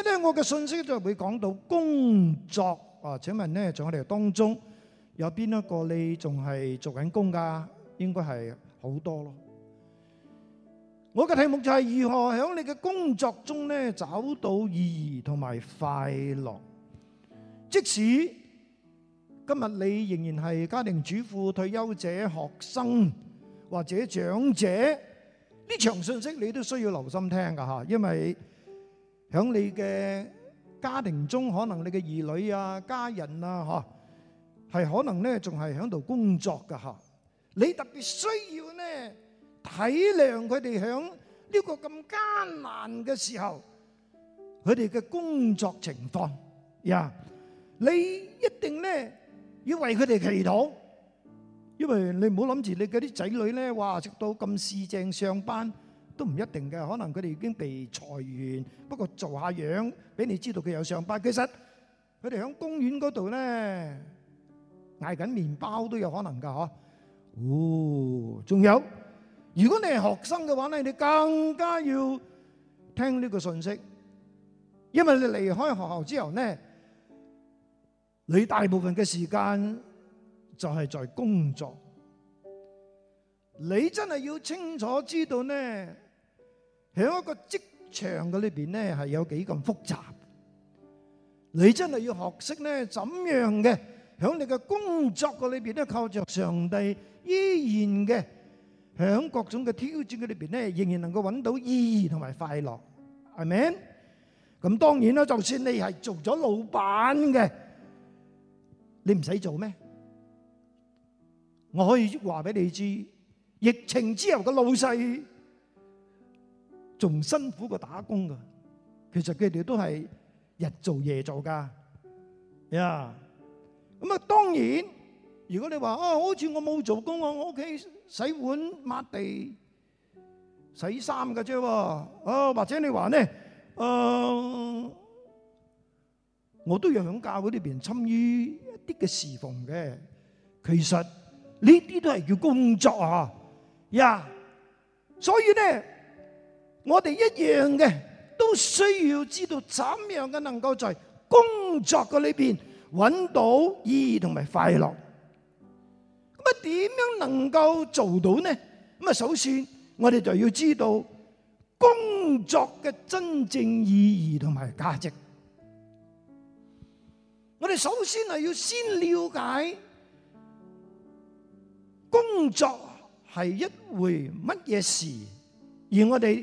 咁咧，我嘅信息就會講到工作啊。請問呢，在我哋當中有邊一個你仲係做緊工㗎？應該係好多咯。我嘅題目就係如何喺你嘅工作中呢，找到意義同埋快樂。即使今日你仍然係家庭主婦、退休者、學生或者長者，呢場信息你都需要留心聽㗎吓，因為。喺你嘅家庭中，可能你嘅兒女啊、家人啊，嗬，係可能咧仲係喺度工作噶，吓。你特別需要咧體諒佢哋喺呢個咁艱難嘅時候，佢哋嘅工作情況，呀，你一定咧要為佢哋祈禱，因為你唔好諗住你嗰啲仔女咧，哇，直到咁市正上班。都唔一定嘅，可能佢哋已經被裁員，不過做下樣俾你知道佢有上班。其實佢哋喺公園嗰度咧，挨緊麵包都有可能噶嗬。哦，仲有，如果你係學生嘅話咧，你更加要聽呢個信息，因為你離開學校之後咧，你大部分嘅時間就係在工作。你真係要清楚知道咧。喺一個職場嘅裏邊咧，係有幾咁複雜。你真係要學識咧，怎樣嘅喺你嘅工作嘅裏邊咧，靠着上帝，依然嘅喺各種嘅挑戰嘅裏邊咧，仍然能夠揾到意義同埋快樂，係咪？咁當然啦，就算你係做咗老闆嘅，你唔使做咩？我可以話俾你知，疫情之後嘅老細。仲辛苦過打工噶，其實佢哋都係日做夜做噶，呀咁啊！當然，如果你話哦，好似我冇做工啊，我屋企洗碗抹地，洗衫嘅啫，哦，或者你話咧，誒、呃，我都要響教會裏邊參與一啲嘅侍奉嘅，其實呢啲都係叫工作啊，呀、yeah.，所以咧。我哋一樣嘅，都需要知道怎樣嘅，能夠在工作嘅裏邊揾到意義同埋快樂。咁啊，點樣能夠做到呢？咁啊，首先我哋就要知道工作嘅真正意義同埋價值。我哋首先係要先了解工作係一回乜嘢事，而我哋。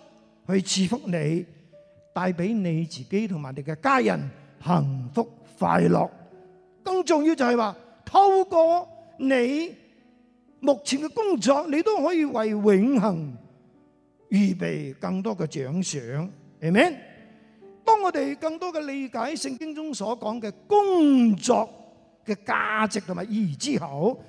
去賜福你，帶俾你自己同埋你嘅家人幸福快樂。更重要就係話，透過你目前嘅工作，你都可以為永恆預備更多嘅獎賞。明白？當我哋更多嘅理解聖經中所講嘅工作嘅價值同埋意義之後，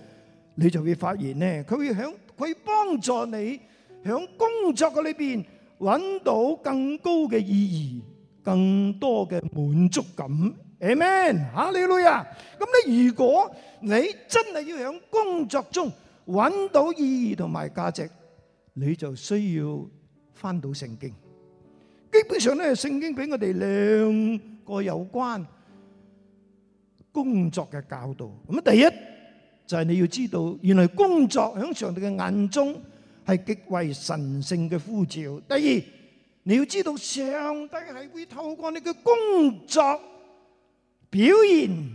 你就會發現咧，佢會響佢幫助你響工作嘅裏邊。搵到更高嘅意義，更多嘅滿足感，Amen 哈利路亞！咁你如果你真係要喺工作中搵到意義同埋價值，你就需要翻到聖經。基本上咧，聖經俾我哋兩個有關工作嘅教導。咁啊，第一就係你要知道，原來工作喺上帝嘅眼中，係極為神聖嘅呼召。第二，你要知道上帝係會透過你嘅工作表現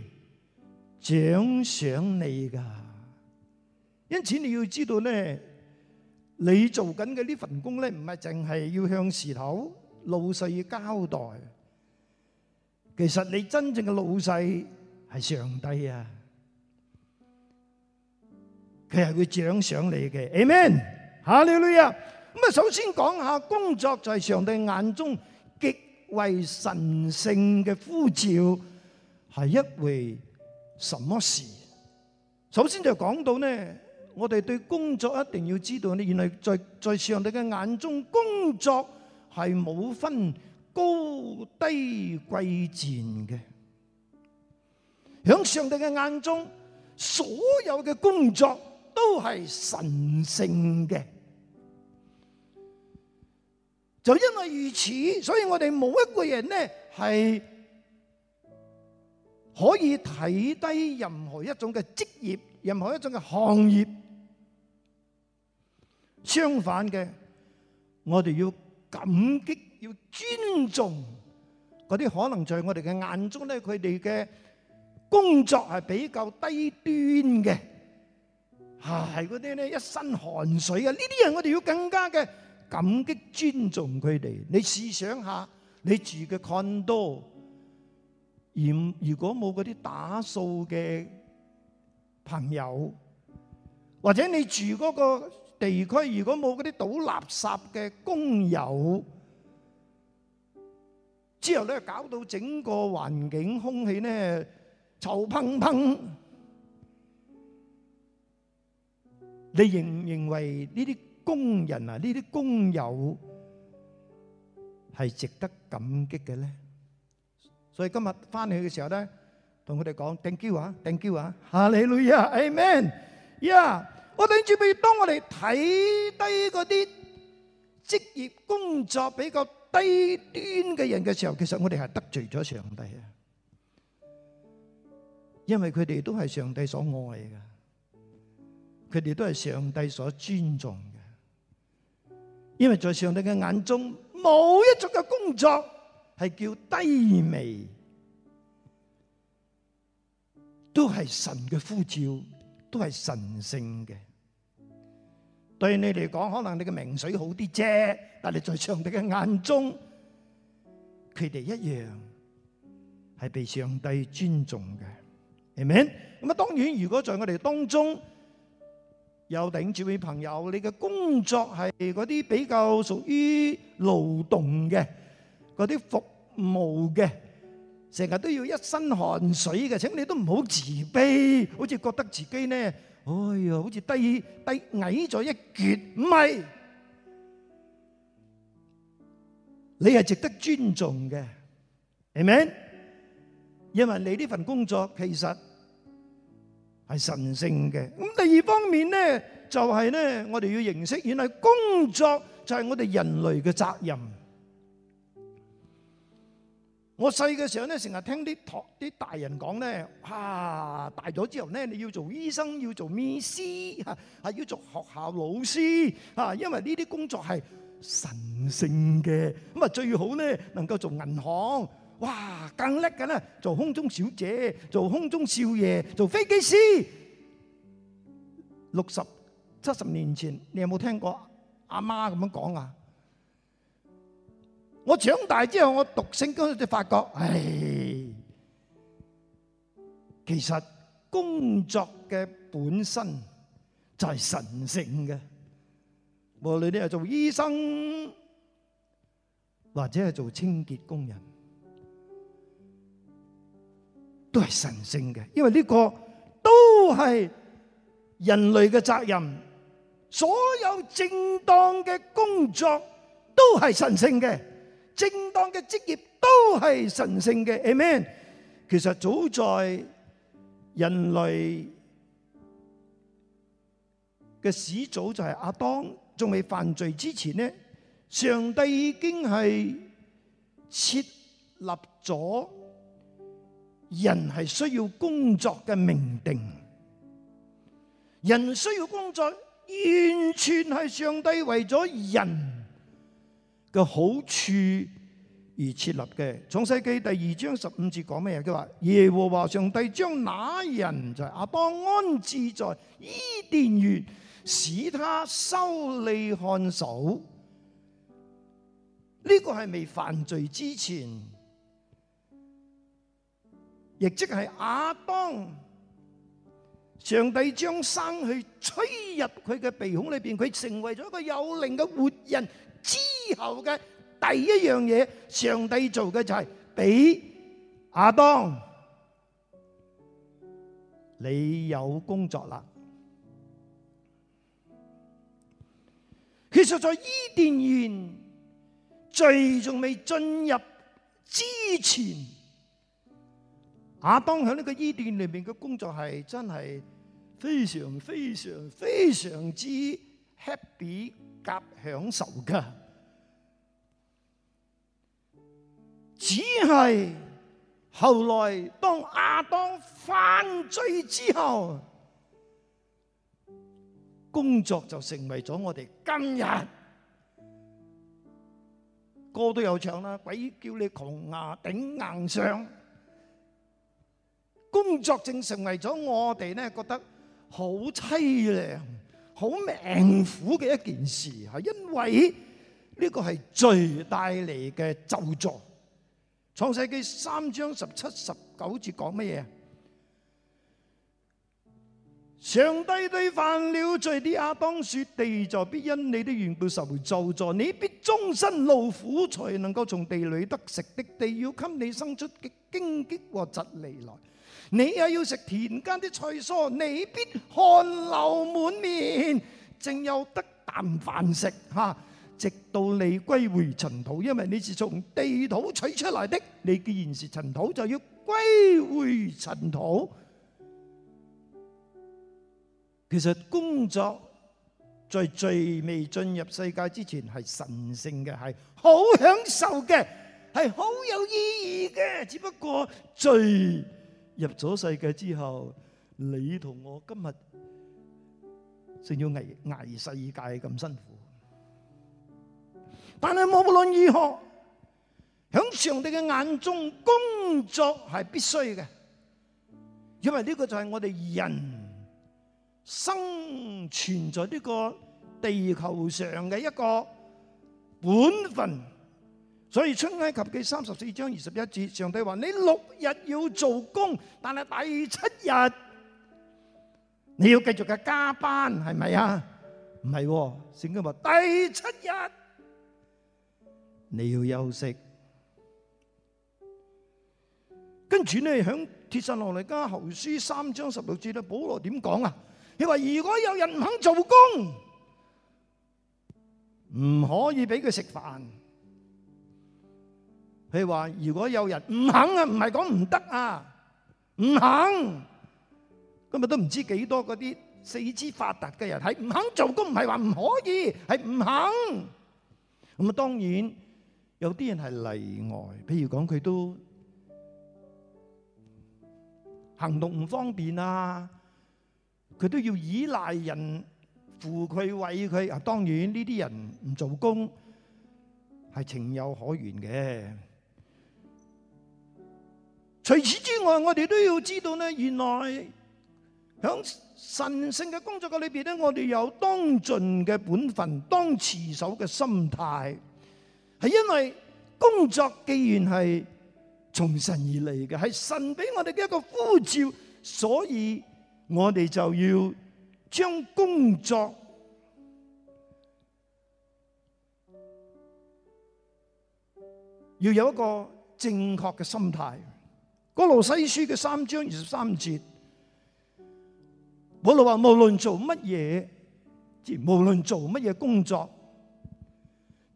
獎賞你噶。因此你要知道咧，你做緊嘅呢份工咧，唔係淨係要向事頭老細交代。其實你真正嘅老細係上帝啊，佢係會獎賞你嘅。Amen。啊，你你啊，咁啊，首先講下工作就係上帝眼中極為神聖嘅呼召係一回什麼事？首先就講到咧，我哋對工作一定要知道咧，原來在在上帝嘅眼中，工作係冇分高低貴賤嘅。響上帝嘅眼中，所有嘅工作都係神聖嘅。就因為如此，所以我哋冇一個人咧係可以睇低任何一種嘅職業，任何一種嘅行業。相反嘅，我哋要感激，要尊重嗰啲可能在我哋嘅眼中咧，佢哋嘅工作係比較低端嘅，係嗰啲咧一身汗水嘅呢啲人，我哋要更加嘅，感激尊重佢哋，你試想下，你住嘅 condo，而如果冇啲打掃嘅朋友，或者你住個地區如果冇啲倒垃圾嘅工友，之後咧，搞到整個環境空氣咧臭砰砰，你認唔認為呢啲工人啊，呢啲工友係值得感激嘅咧。所以今日返去嘅時候咧，同佢哋講 thank you 啊，thank you 啊，哈利路亞啊，amen 呀。我特別當我哋睇低嗰啲職業工作比較低端嘅人嘅時候，其實我哋係得罪咗上帝啊。因為佢哋都係上帝所愛嘅，佢哋都係上帝所尊重嘅。因為在上帝嘅眼中，冇一種嘅工作係叫低微，都係神嘅呼召，都係神聖嘅。對你嚟講，可能你嘅名水好啲啫，但係在上帝嘅眼中，佢哋一樣係被上帝尊重嘅，係咪？咁啊，當然，如果在我哋當中。又頂住位朋友，你嘅工作係嗰啲比較屬於勞動嘅，嗰啲服務嘅，成日都要一身汗水嘅，請你都唔好自卑，好似覺得自己呢，哎呀，好似低低矮咗一截，唔係，你係值得尊重嘅，係咪？因為你呢份工作其實。係神聖嘅。咁第二方面咧，就係、是、咧，我哋要認識原來工作就係我哋人類嘅責任。我細嘅時候咧，成日聽啲托啲大人講咧，啊大咗之後咧，你要做醫生，要做咩師，啊要做學校老師，啊因為呢啲工作係神聖嘅。咁啊，最好咧能夠做銀行。哇，更叻嘅咧，做空中小姐，做空中少爺，做飛機師。六十七十年前，你有冇聽過阿媽咁樣講啊？我長大之後，我讀聖經嘅時就發覺，唉，其實工作嘅本身就係神聖嘅。無論你係做醫生，或者係做清潔工人。都係神聖嘅，因為呢個都係人類嘅責任。所有正當嘅工作都係神聖嘅，正當嘅職業都係神聖嘅。Amen，其實早在人類嘅始祖就係阿當仲未犯罪之前呢，上帝已經係設立咗。人係需要工作嘅命定，人需要工作，完全係上帝為咗人嘅好處而設立嘅。創世記第二章十五節講咩嘢？佢話耶和華上帝將那人在、就是、亞當安置在伊甸園，使他修理看守。呢、這個係未犯罪之前。亦即係亞當，上帝將生氣吹入佢嘅鼻孔裏邊，佢成為咗一個有靈嘅活人之後嘅第一樣嘢，上帝做嘅就係俾亞當，你有工作啦。其實，在伊甸園最仲未進入之前。亞當喺呢個伊甸裏面嘅工作係真係非常非常非常之 happy 夾享受㗎，只係後來當亞當犯罪之後，工作就成為咗我哋今日。歌都有唱啦，鬼叫你窮牙頂硬上。工作正成為咗我哋咧，覺得好淒涼、好命苦嘅一件事，係因為呢個係罪帶嚟嘅咒詛。創世記三章十七十九節講乜嘢？上帝對犯了罪的亞當説：地在必因你的緣故受回咒詛，你必終身勞苦，才能夠從地裏得食的。地要給你生出嘅荊棘和蒺藜來。你也要食田間啲菜蔬，你必汗流滿面，正有得啖飯食。哈！直到你歸回塵土，因為你是從地土取出來的，你既然是塵土，就要歸回塵土。其實工作在最未進入世界之前，係神聖嘅，係好享受嘅，係好有意義嘅，只不過最。入咗世界之後，你同我今日，仲要挨挨世界咁辛苦。但係無論如何，響上帝嘅眼中，工作係必須嘅，因為呢個就係我哋人生存在呢個地球上嘅一個本分。所以《出埃及記》三十四章二十一節，上帝話：你六日要做工，但係第七日你要繼續嘅加班，係咪啊？唔係、啊，聖經話第七日你要休息。跟住咧，響《帖撒羅尼迦後書》三章十六節咧，保羅點講啊？佢話：如果有人唔肯做工，唔可以俾佢食飯。佢話：如果有人唔肯啊，唔係講唔得啊，唔肯。今日都唔知幾多嗰啲四肢發達嘅人係唔肯做工，唔係話唔可以，係唔肯。咁啊，當然有啲人係例外，譬如講佢都行動唔方便啊，佢都要依賴人扶佢餵佢。啊，當然呢啲人唔做工係情有可原嘅。除此之外，我哋都要知道咧，原來響神聖嘅工作嘅裏邊咧，我哋有當盡嘅本分，當持守嘅心態，係因為工作既然係從神而嚟嘅，係神俾我哋嘅一個呼召，所以我哋就要將工作要有一個正確嘅心態。《哥羅西書》嘅三章二十三節，我哋話無論做乜嘢，無論做乜嘢工作，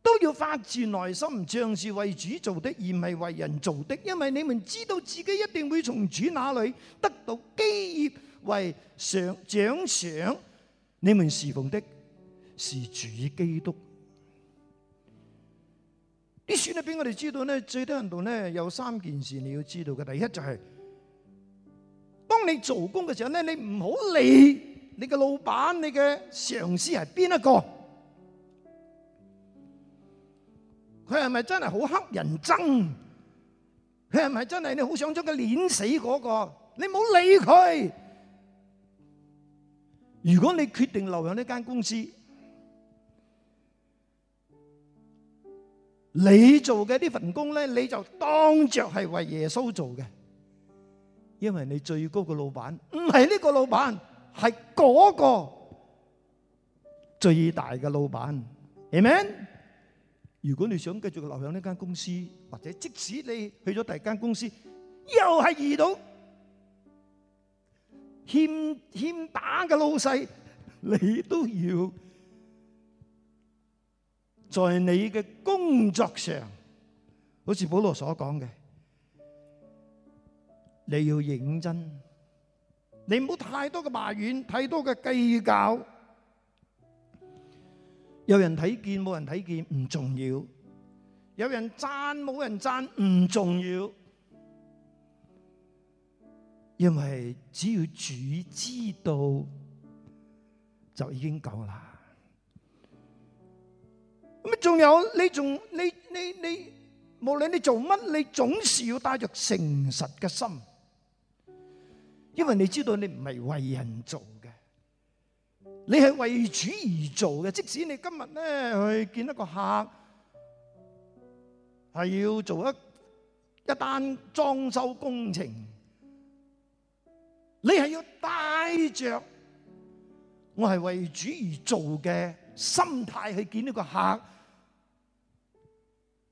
都要發自內心，像是為主做的，而唔係為人做的。因為你們知道自己一定會從主那裏得到基業為賞獎賞。你們侍奉的是主基督。啲書咧，俾我哋知道咧，最低限度咧，有三件事你要知道嘅。第一就係、是，當你做工嘅時候咧，你唔好理你嘅老闆、你嘅上司係邊一個，佢係咪真係好黑人憎？佢係咪真係你好想將佢碾死嗰、那個？你唔好理佢。如果你決定留喺呢間公司，你做嘅呢份工咧，你就當着係為耶穌做嘅，因為你最高嘅老闆唔係呢個老闆，係嗰個最大嘅老闆。Amen。如果你想繼續留喺呢間公司，或者即使你去咗第二間公司，又係遇到欠欠打嘅老細，你都要。在你嘅工作上，好似保羅所講嘅，你要認真，你唔好太多嘅埋怨，太多嘅計較。有人睇見，冇人睇見唔重要；有人讚，冇人讚唔重要。因為只要主知道，就已經夠啦。咁啊，仲有你仲你你你，無論你做乜，你總是要帶着誠實嘅心，因為你知道你唔係為人做嘅，你係為主而做嘅。即使你今日咧去見一個客，係要做一一單裝修工程，你係要帶着我係為主而做嘅心態去見呢個客，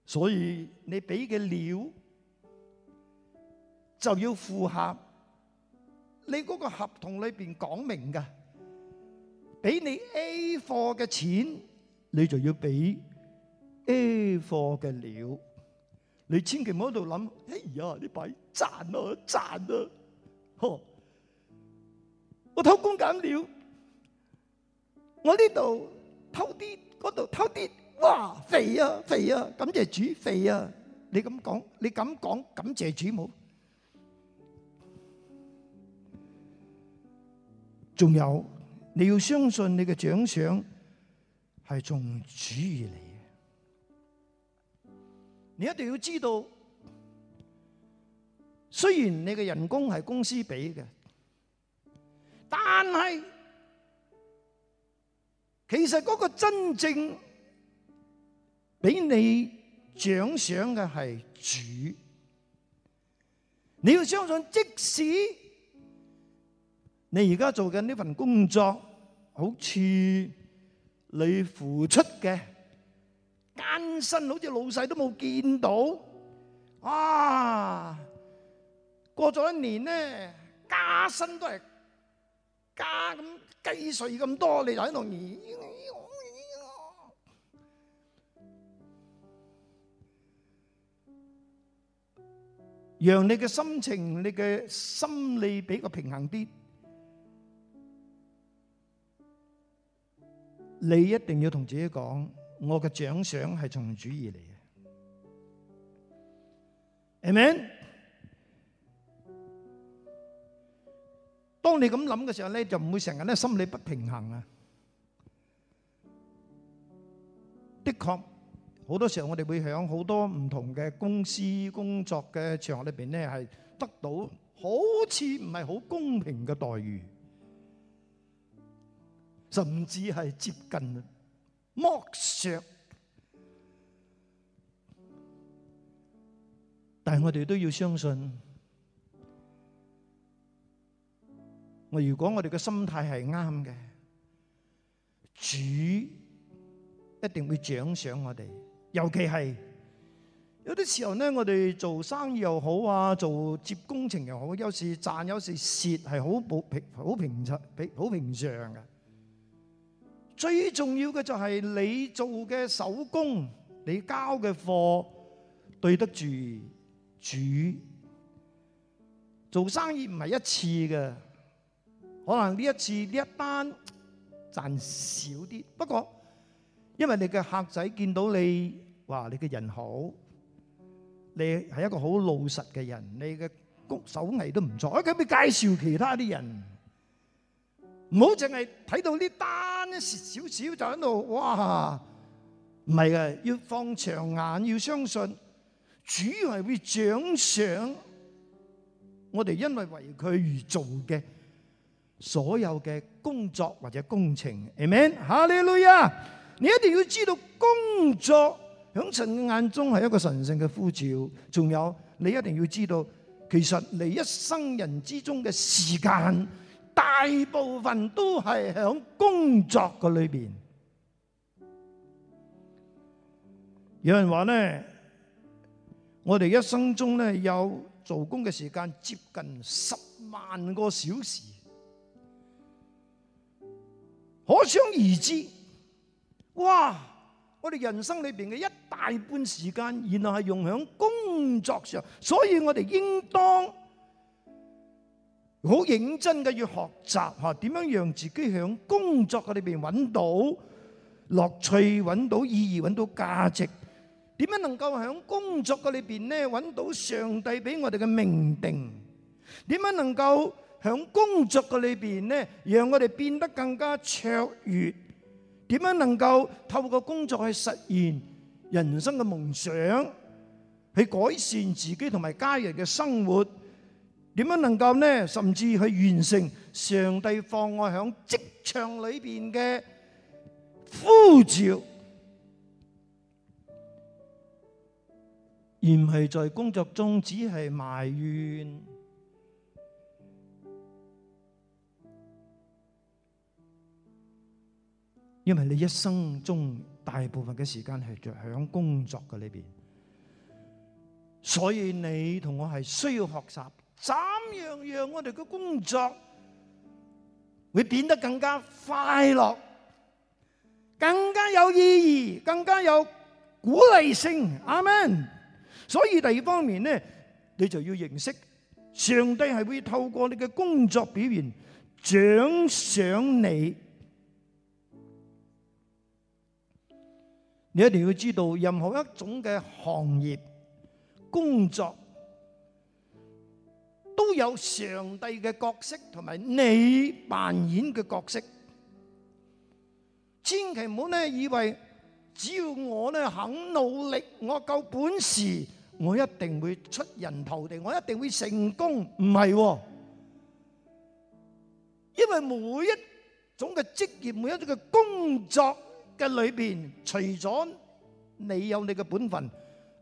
所以你俾嘅料就要符合你嗰個合同裏邊講明㗎，俾你 A 貨嘅錢，你就要俾 A 貨嘅料。你千祈唔好喺度諗，哎呀呢擺賺啊賺啊，呵，我偷工減料，我呢度。偷啲，嗰度偷啲，哇，肥啊肥啊，感謝主，肥啊，你咁講你咁講，感謝主母。仲有你要相信你嘅獎賞係從主而嚟嘅，你一定要知道，雖然你嘅人工係公司俾嘅，但係。其實嗰個真正俾你獎賞嘅係主，你要相信，即使你而家做緊呢份工作，好似你付出嘅艱辛，好似老細都冇見到，啊，過咗一年呢，加薪都係。家咁雞碎咁多，你就喺度，讓你嘅心情、你嘅心理比較平衡啲。你一定要同自己講，我嘅獎賞係從主而嚟嘅。Amen。當你咁諗嘅時候咧，就唔會成日咧心理不平衡啊！的確，好多時候我哋會響好多唔同嘅公司工作嘅場合裏邊咧，係得到好似唔係好公平嘅待遇，甚至係接近啊剝削。但係我哋都要相信。我如果我哋嘅心態係啱嘅，主一定會獎賞我哋。尤其係有啲時候咧，我哋做生意又好啊，做接工程又好，有時賺，有時蝕，係好平好平常嘅，好平常嘅。最重要嘅就係你做嘅手工，你交嘅貨對得住主。做生意唔係一次嘅。可能呢一次呢一單賺少啲，不過因為你嘅客仔見到你話你嘅人好，你係一個好老實嘅人，你嘅手藝都唔錯，咁你介紹其他啲人，唔好淨係睇到呢單一少少就喺度哇，唔係呀，要放長眼，要相信，主要係會獎賞我哋，因為為佢而做嘅。所有嘅工作或者工程，amen 哈利路亞！你一定要知道，工作喺神眼中係一個神聖嘅呼召。仲有，你一定要知道，其實你一生人之中嘅時間大部分都係響工作嘅裏邊。有人話咧，我哋一生中咧有做工嘅時間接近十萬個小時。可想而知，哇！我哋人生裏邊嘅一大半時間，原來係用喺工作上，所以我哋應當好認真嘅要學習吓，點樣讓自己喺工作嘅裏邊揾到樂趣，揾到意義，揾到價值。點樣能夠喺工作嘅裏邊咧揾到上帝俾我哋嘅命定？點樣能夠？喺工作嘅裏邊咧，讓我哋變得更加卓越。點樣能夠透過工作去實現人生嘅夢想，去改善自己同埋家人嘅生活？點樣能夠呢，甚至去完成上帝放我喺職場裏邊嘅呼召，而唔係在工作中只係埋怨。因為你一生中大部分嘅時間係着響工作嘅裏面，所以你同我係需要學習，怎樣讓我哋嘅工作會變得更加快樂，更加有意義，更加有鼓勵性。阿門，所以第二方面呢，你就要認識上帝係會透過你嘅工作表現獎賞你。你一定要知道，任何一種嘅行業工作都有上帝嘅角色同埋你扮演嘅角色。千祈唔好呢，以為只要我呢肯努力，我夠本事，我一定會出人頭地，我一定會成功。唔係喎，因為每一種嘅職業，每一種嘅工作，嘅裏邊，除咗你有你嘅本分，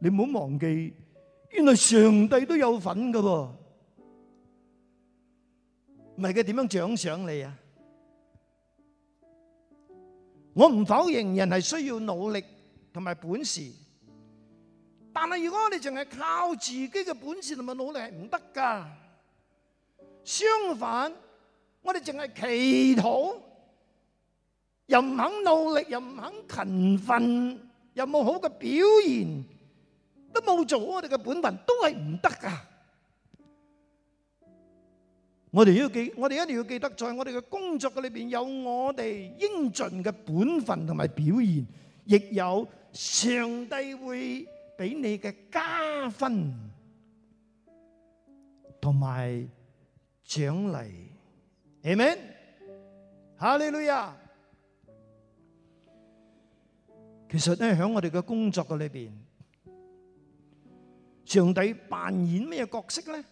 你唔好忘記，原來上帝都有份噶喎。唔係佢點樣獎賞你啊？我唔否認人係需要努力同埋本事，但係如果我哋淨係靠自己嘅本事同埋努力係唔得噶。相反，我哋淨係祈禱。又唔肯努力，又唔肯勤奮，又冇好嘅表現，都冇做好我哋嘅本分，都係唔得噶。我哋要記，我哋一定要記得，在我哋嘅工作嘅裏邊，有我哋應盡嘅本分同埋表現，亦有上帝會俾你嘅加分同埋獎勵。阿門，哈利路亞。其實咧，喺我哋嘅工作嘅裏邊，上帝扮演咩角色咧？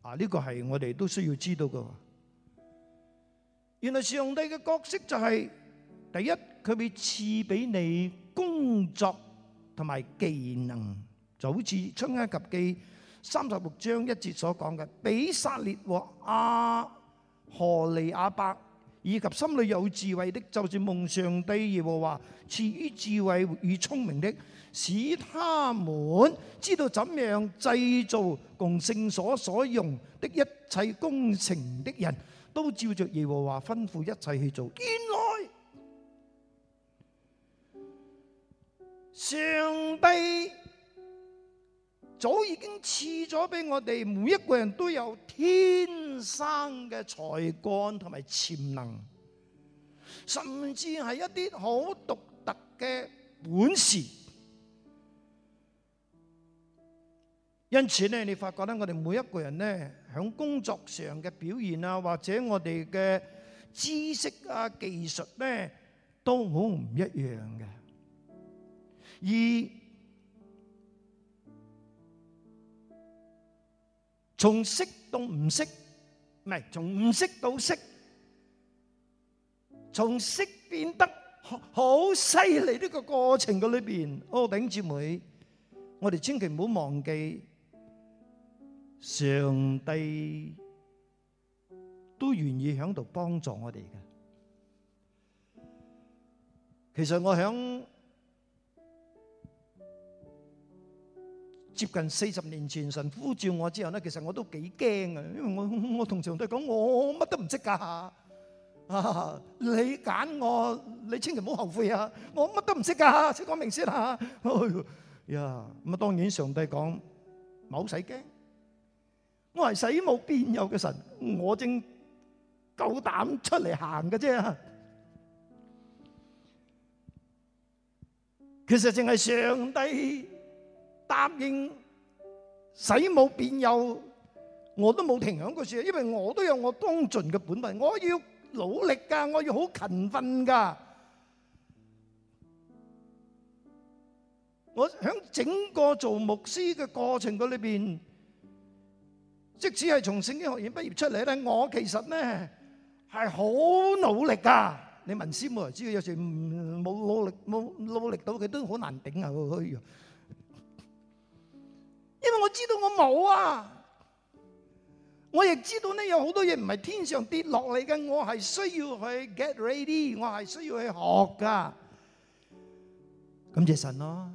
啊，呢個係我哋都需要知道嘅。原來上帝嘅角色就係第一，佢俾賜俾你工作同埋技能，就好似《出埃及記》三十六章一節所講嘅，比撒列和阿何利亞伯。以及心裏有智慧的，就算、是、蒙上帝耶和華賜予智慧與聰明的，使他們知道怎樣製造共聖所所用的一切工程的人，都照着耶和華吩咐一切去做。原來上帝，早已經賜咗俾我哋每一個人都有天生嘅才幹同埋潛能，甚至係一啲好獨特嘅本事。因此咧，你發覺咧，我哋每一個人咧，響工作上嘅表現啊，或者我哋嘅知識啊、技術咧，都好唔一樣嘅。而從識到唔識，唔係從唔識到識，從識變得好犀利呢個過程嘅裏邊，阿頂姊妹，我哋千祈唔好忘記，上帝都願意喺度幫助我哋嘅。其實我響，接近四十年前神呼召我之後咧，其實我都幾驚啊！因為我我同上帝講我乜都唔識噶，啊你揀我，你千祈唔好後悔啊！我乜都唔識噶，先講明先啦。呀咁啊，當然上帝講唔好使驚，我係使無邊有嘅神，我正夠膽出嚟行嘅啫。其實淨係上帝。答應使冇變幼，我都冇停響個事，因為我都有我當盡嘅本分，我要努力噶，我要好勤奮噶。我響整個做牧師嘅過程嗰裏邊，即使係從聖經學院畢業出嚟咧，我其實咧係好努力噶。你問師冇知，有時冇努力，冇努力到佢都好難頂啊！佢。因為我知道我冇啊，我亦知道呢有好多嘢唔係天上跌落嚟嘅，我係需要去 get ready，我係需要去學㗎。感謝神咯、啊，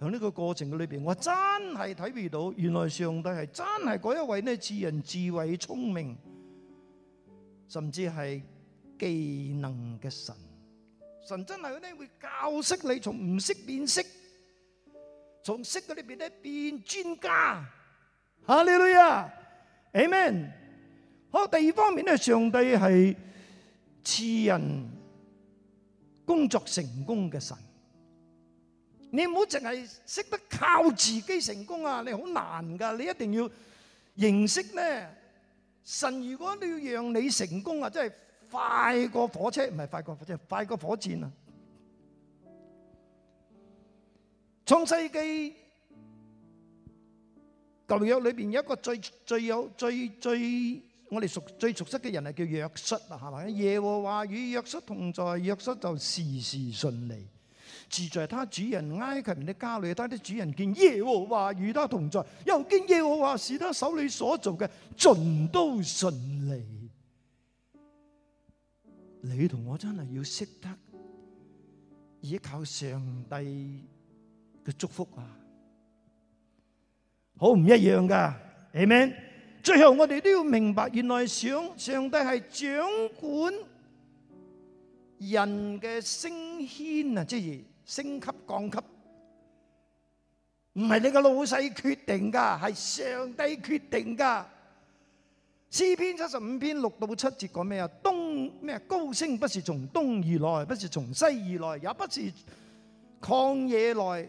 喺呢個過程裏邊，我真係體會到原來上帝係真係嗰一位呢，智人、智慧、聰明，甚至係技能嘅神。神真係呢會教識你從唔識變識。從識嗰裏邊咧變專家，吓你女啊，Amen。好，第二方面咧，上帝係賜人工作成功嘅神。你唔好淨係識得靠自己成功啊，你好難噶，你一定要認識咧。神如果你要讓你成功啊，即係快過火車，唔係快過火車，快過火箭啊！創世紀舊約裏邊有一個最最有最最，最我哋熟最熟悉嘅人係叫約瑟啊，係咪？耶和華與約瑟同在，約瑟就事事順利，住在他主人埃及人嘅家裏。他啲主人見耶和華與他同在，又見耶和華使他手裏所做嘅盡都順利。你同我真係要識得依靠上帝。祝福啊，好唔一樣噶，係咪？最後我哋都要明白，原來上上帝係掌管人嘅升遷啊，即係升級降級，唔係你個老細決定噶，係上帝決定噶。詩篇七十五篇六到七節講咩啊？東咩？高升不是從東而來，不是從西而來，也不是曠野來。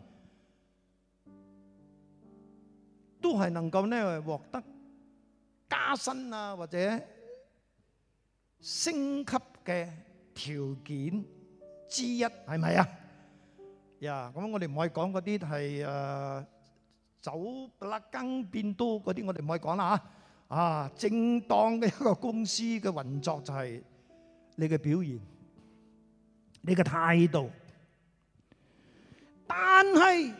都係能夠呢獲得加薪啊，或者升級嘅條件之一，係咪啊？呀，咁我哋唔可以講嗰啲係誒走不甩更變都嗰啲，我哋唔可以講啦嚇。啊，正當嘅一個公司嘅運作就係你嘅表現，你嘅態度，但係。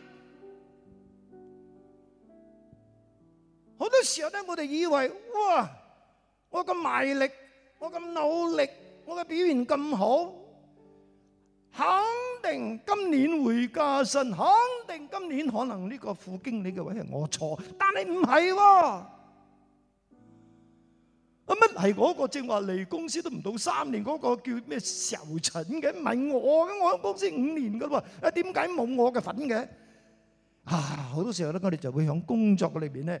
好多時候咧，我哋以為哇，我咁賣力，我咁努力，我嘅表現咁好，肯定今年會加薪，肯定今年可能呢個副經理嘅位係我坐，但係唔係喎？乜係嗰個正話嚟公司都唔到三年嗰個叫咩？候陳嘅唔係我嘅，我喺公司五年㗎喎，點解冇我嘅份嘅？啊，好多時候咧，我哋就會喺工作嘅裏邊咧。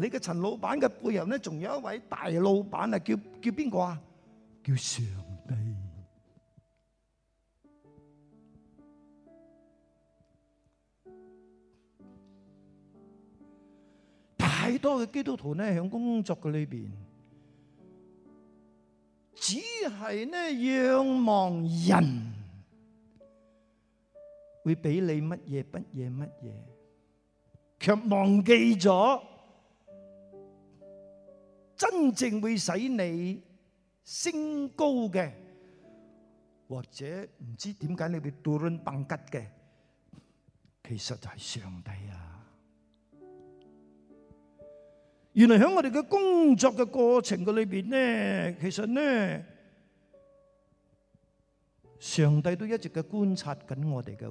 你嘅陳老闆嘅背後咧，仲有一位大老闆啊，叫叫邊個啊？叫上帝。太多嘅基督徒咧，喺工作嘅裏邊，只係呢仰望人會俾你乜嘢、乜嘢、乜嘢，卻忘記咗。真正會使你升高嘅，或者唔知點解你被杜潤蹦吉嘅，其實就係上帝啊！原來喺我哋嘅工作嘅過程嘅裏邊呢，其實呢，上帝都一直嘅觀察緊我哋嘅。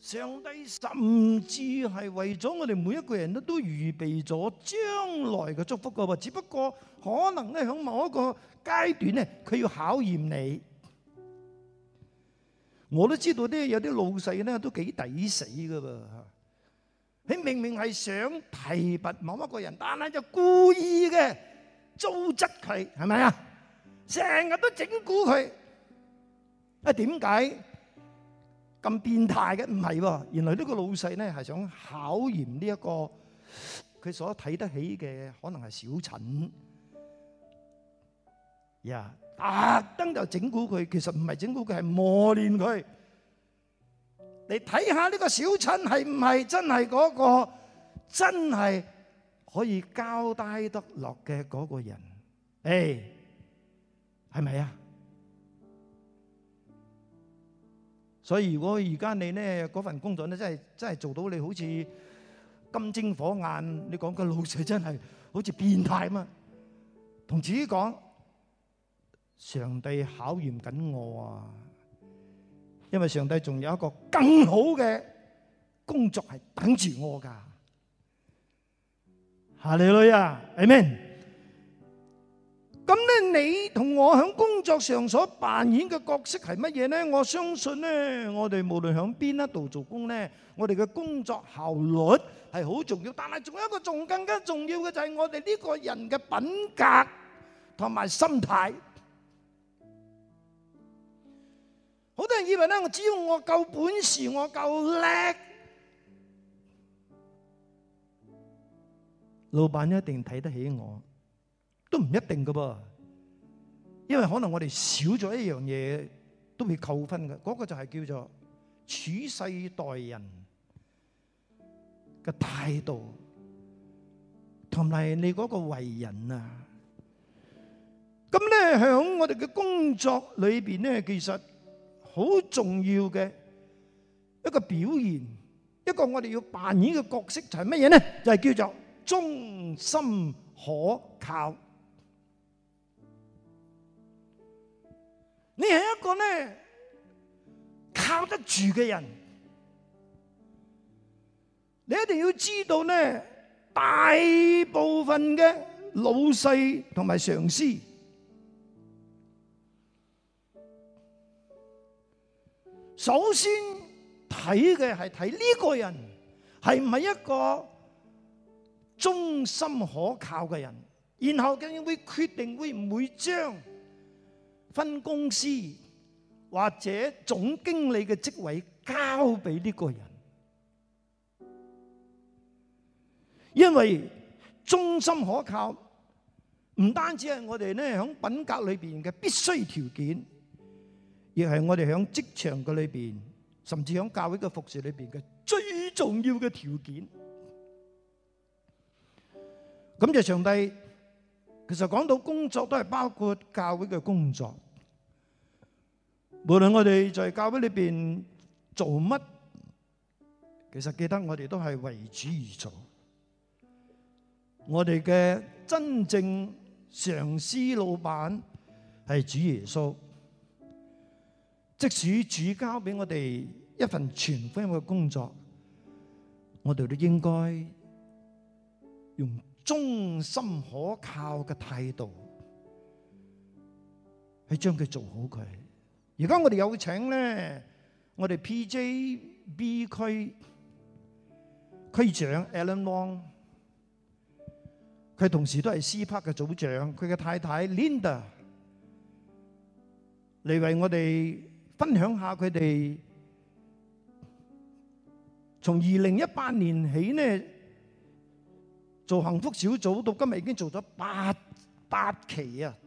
上帝甚至係為咗我哋每一個人都都預備咗將來嘅祝福噶噃，只不過可能咧響某一個階段咧，佢要考驗你。我都知道啲有啲老細咧都幾抵死噶噃，你明明係想提拔某一個人，但係就故意嘅糟質佢，係咪啊？成日都整蠱佢，啊點解？咁變態嘅唔係喎，原來呢個老細咧係想考驗呢一個佢所睇得起嘅，可能係小陳，呀特登就整蠱佢，其實唔係整蠱佢，係磨練佢。你睇下呢個小陳係唔係真係嗰個真係可以交低得落嘅嗰個人？誒，係咪啊？所以如果而家你呢份工作咧，真係真係做到你好似金睛火眼，你講個老實真係好似變態啊嘛！同自己講，上帝考驗緊我啊，因為上帝仲有一個更好嘅工作係等住我噶。哈利路亞，Amen！咁呢，你同我喺工作上所扮演嘅角色係乜嘢呢？我相信呢，我哋無論喺邊一度做工呢，我哋嘅工作效率係好重要。但係仲有一個仲更加重要嘅就係我哋呢個人嘅品格同埋心態。好多人以為呢，我只要我夠本事，我夠叻，老闆一定睇得起我。都唔一定噶噃，因為可能我哋少咗一樣嘢都會扣分嘅。嗰個就係叫做處世待人嘅態度，同埋你嗰個為人啊。咁咧響我哋嘅工作裏邊咧，其實好重要嘅一個表現，一個我哋要扮演嘅角色就係乜嘢咧？就係叫做忠心可靠。你係一個呢，靠得住嘅人，你一定要知道呢，大部分嘅老細同埋上司，首先睇嘅係睇呢個人係唔係一個忠心可靠嘅人，然後佢會決定會唔會將分公司或者總經理嘅職位交俾呢個人，因為忠心可靠，唔單止係我哋咧，響品格裏邊嘅必須條件，亦係我哋響職場嘅裏邊，甚至響教會嘅服侍裏邊嘅最重要嘅條件。咁就上帝。其實講到工作，都係包括教會嘅工作。無論我哋在教會裏邊做乜，其實記得我哋都係為主而做。我哋嘅真正上司老闆係主耶穌。即使主交俾我哋一份全心嘅工作，我哋都應該用。忠心可靠嘅態度，去將佢做好佢。而家我哋有請咧，我哋 PJB 區區長 Alan Wong，佢同時都係 CPR 嘅組長，佢嘅太太 Linda 嚟為我哋分享下佢哋從二零一八年起呢。做幸福小組到今日已經做咗八八期啊！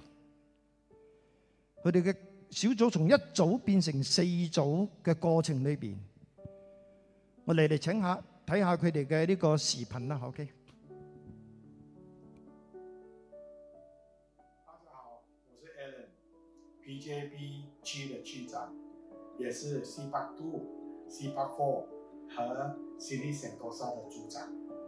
佢哋嘅小組從一組變成四組嘅過程裏邊，我嚟嚟請下睇下佢哋嘅呢個視頻啦。OK，大家好，我是 Alan，PJB 區的區長，也是 City Park Two、City Park Four 和 City Santos 的組長。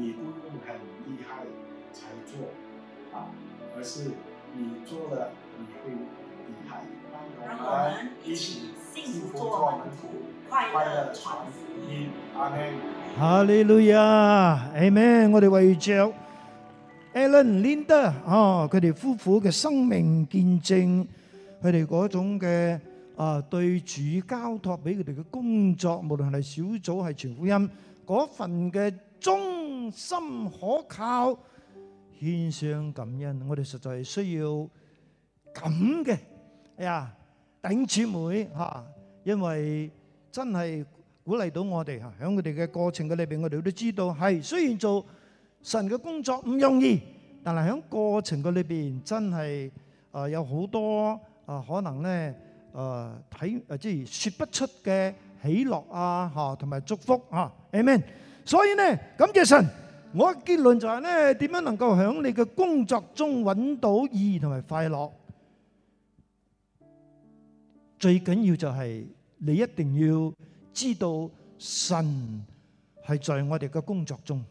你不用很厲害才做啊，而是你做了你會厲害。來，一起幸福做門徒，快樂傳福音。阿門。哈利路亞，阿門。我哋為着 Alan Linda，哦，佢哋夫婦嘅生命見證，佢哋嗰種嘅啊對主交託俾佢哋嘅工作，無論係小組係傳福音嗰份嘅。忠心可靠，獻上感恩。我哋實在需要咁嘅呀，頂姊妹嚇，因為真係鼓勵到我哋嚇。喺佢哋嘅過程嘅裏邊，我哋都知道係雖然做神嘅工作唔容易，但係喺過程嘅裏邊真係啊有好多啊可能咧啊睇啊，即係説不出嘅喜樂啊嚇，同埋祝福啊。Amen。所以呢，感謝神，我結論就係呢，點樣能夠喺你嘅工作中揾到意義同埋快樂？最緊要就係你一定要知道神係在我哋嘅工作中，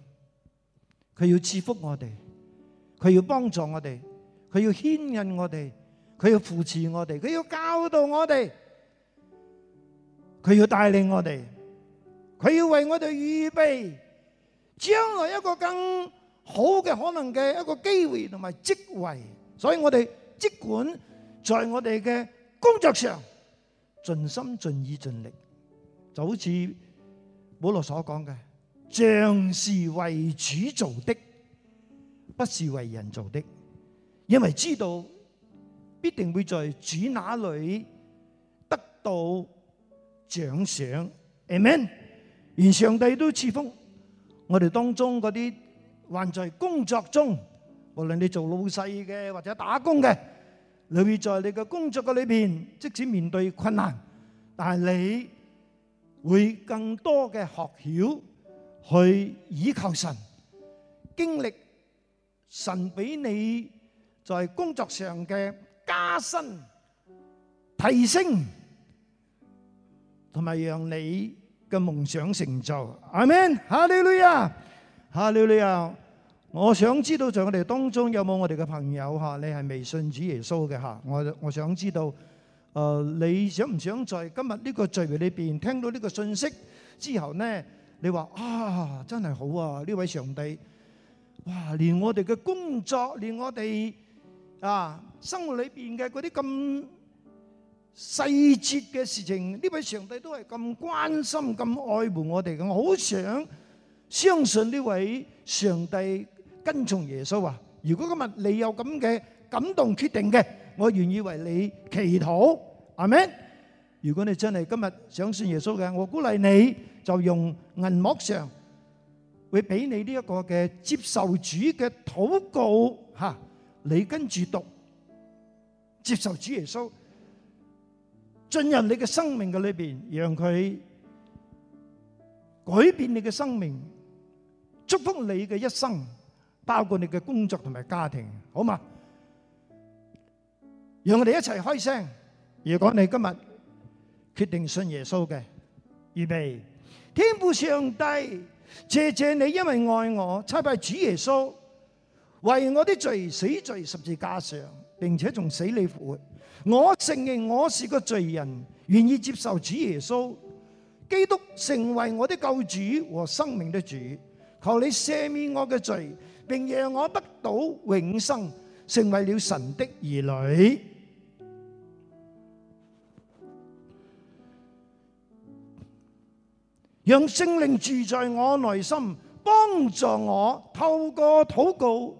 佢要賜福我哋，佢要幫助我哋，佢要牽引我哋，佢要扶持我哋，佢要教導我哋，佢要帶領我哋。佢要為我哋預備將來一個更好嘅可能嘅一個機會同埋職位，所以我哋即管在我哋嘅工作上盡心盡意盡力，就好似保羅所講嘅，像是為主做的，不是為人做的，因為知道必定會在主那裏得到獎賞。Amen。連上帝都賜福我哋當中嗰啲還在工作中，無論你做老細嘅或者打工嘅，你會在你嘅工作嘅裏邊，即使面對困難，但係你會更多嘅學曉去倚靠神，經歷神俾你在工作上嘅加薪、提升，同埋讓你。嘅夢想成就，阿們，哈利路亞，哈利路亞，我想知道在我哋當中有冇我哋嘅朋友嚇，你係未信主耶穌嘅嚇，我我想知道，誒，你想唔想在今日呢個聚會裏邊聽到呢個信息之後呢？你話啊，真係好啊，呢位上帝，哇，連我哋嘅工作，連我哋啊生活裏邊嘅嗰啲咁。細節嘅事情，呢位上帝都係咁關心、咁愛護我哋嘅。我好想相信呢位上帝跟從耶穌啊！如果今日你有咁嘅感動決定嘅，我願意為你祈禱，阿們。如果你真係今日想信耶穌嘅，我鼓勵你就用銀幕上會俾你呢一個嘅接受主嘅禱告嚇，你跟住讀，接受主耶穌。進入你嘅生命嘅裏邊，讓佢改變你嘅生命，祝福你嘅一生，包括你嘅工作同埋家庭，好嘛？讓我哋一齊開聲。如果你今日決定信耶穌嘅，預備，天父上帝，謝謝你，因為愛我，差派主耶穌為我的罪死在十字架上。並且從死裏復活。我承認我是個罪人，願意接受主耶穌基督成為我的救主和生命的主。求你赦免我嘅罪，並讓我得到永生，成為了神的兒女。讓聖靈住在我內心，幫助我透過禱告。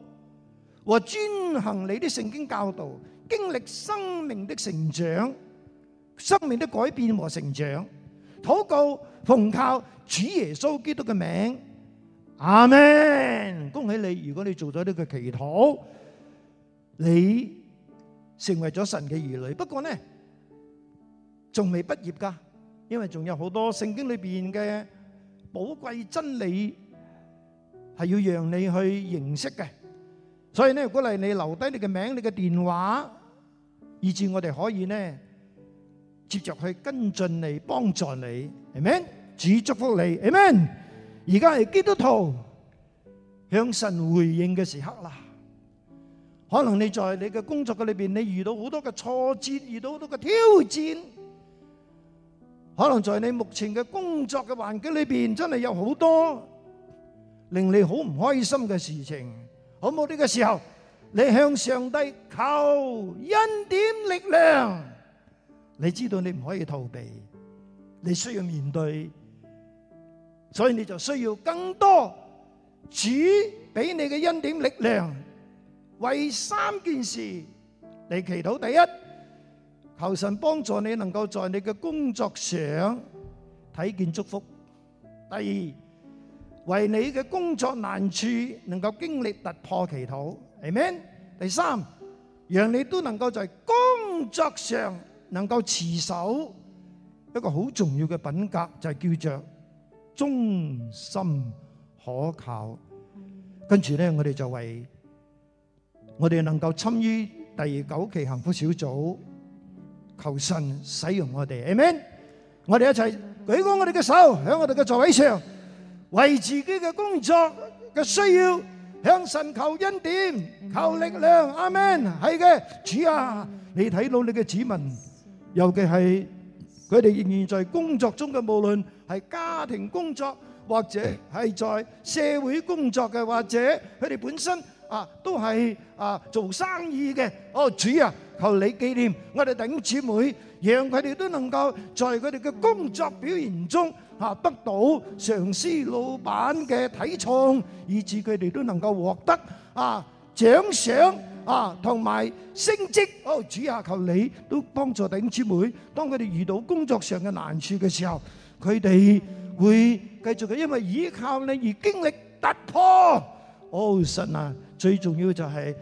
和遵行你的聖經教導，經歷生命的成長、生命的改變和成長，禱告、奉靠主耶穌基督嘅名，阿門。恭喜你，如果你做咗呢個祈禱，你成為咗神嘅兒女。不過呢，仲未畢業噶，因為仲有好多聖經裏邊嘅寶貴真理係要讓你去認識嘅。所以咧，如果係你留低你嘅名，你嘅電話，以至我哋可以咧，接着去跟進你，幫助你，amen。主祝福你，amen。而家係基督徒向神回應嘅時刻啦。可能你在你嘅工作嘅裏邊，你遇到好多嘅挫折，遇到好多嘅挑戰。可能在你目前嘅工作嘅環境裏邊，真係有好多令你好唔開心嘅事情。好冇呢個時候，你向上帝求恩典力量，你知道你唔可以逃避，你需要面對，所以你就需要更多主俾你嘅恩典力量，為三件事嚟祈禱。第一，求神幫助你能夠在你嘅工作上睇見祝福。第二。為你嘅工作難處能夠經歷突破祈禱，Amen。第三，讓你都能夠在工作上能夠持守一個好重要嘅品格，就係叫做忠心可靠。跟住咧，我哋就為我哋能夠參與第九期幸福小組，求神使用我哋，Amen。我哋一齊舉高我哋嘅手，響我哋嘅座位上。為自己嘅工作嘅需要，向神求恩典、求力量。阿 men，係嘅，主啊，你睇到你嘅子民，尤其係佢哋仍然在工作中嘅，無論係家庭工作或者係在社會工作嘅，或者佢哋本身啊都係啊做生意嘅。哦，主啊，求你紀念我哋弟兄姊妹，讓佢哋都能夠在佢哋嘅工作表現中。嚇，得到上司、老闆嘅體重，以至佢哋都能夠獲得啊獎賞啊，同埋升職。哦，主啊，求你都幫助弟兄姊妹。當佢哋遇到工作上嘅難處嘅時候，佢哋會繼續嘅，因為倚靠你而經歷突破。哦，神啊，最重要就係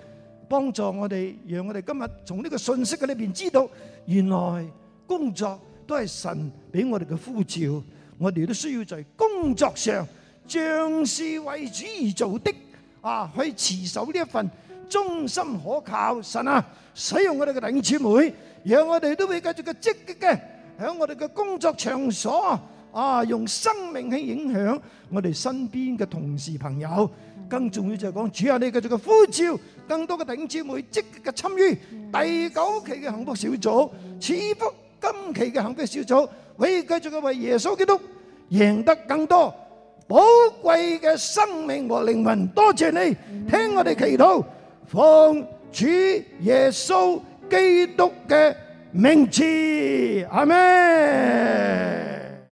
幫助我哋，讓我哋今日從呢個信息嘅裏邊知道，原來工作都係神俾我哋嘅呼召。我哋都需要在工作上，像是為主而做的啊，去持守呢一份忠心可靠。神啊，使用我哋嘅頂姊妹，讓我哋都會繼續嘅積極嘅，喺我哋嘅工作場所啊，用生命去影響我哋身邊嘅同事朋友。更重要就係講，主啊，你繼續嘅呼召，更多嘅頂姊妹積極嘅參與第九期嘅幸福小組，賜福今期嘅幸福小組。可以繼續去為耶穌基督贏得更多寶貴嘅生命和靈魂。多謝你聽我哋祈禱，奉主耶穌基督嘅名字，阿門。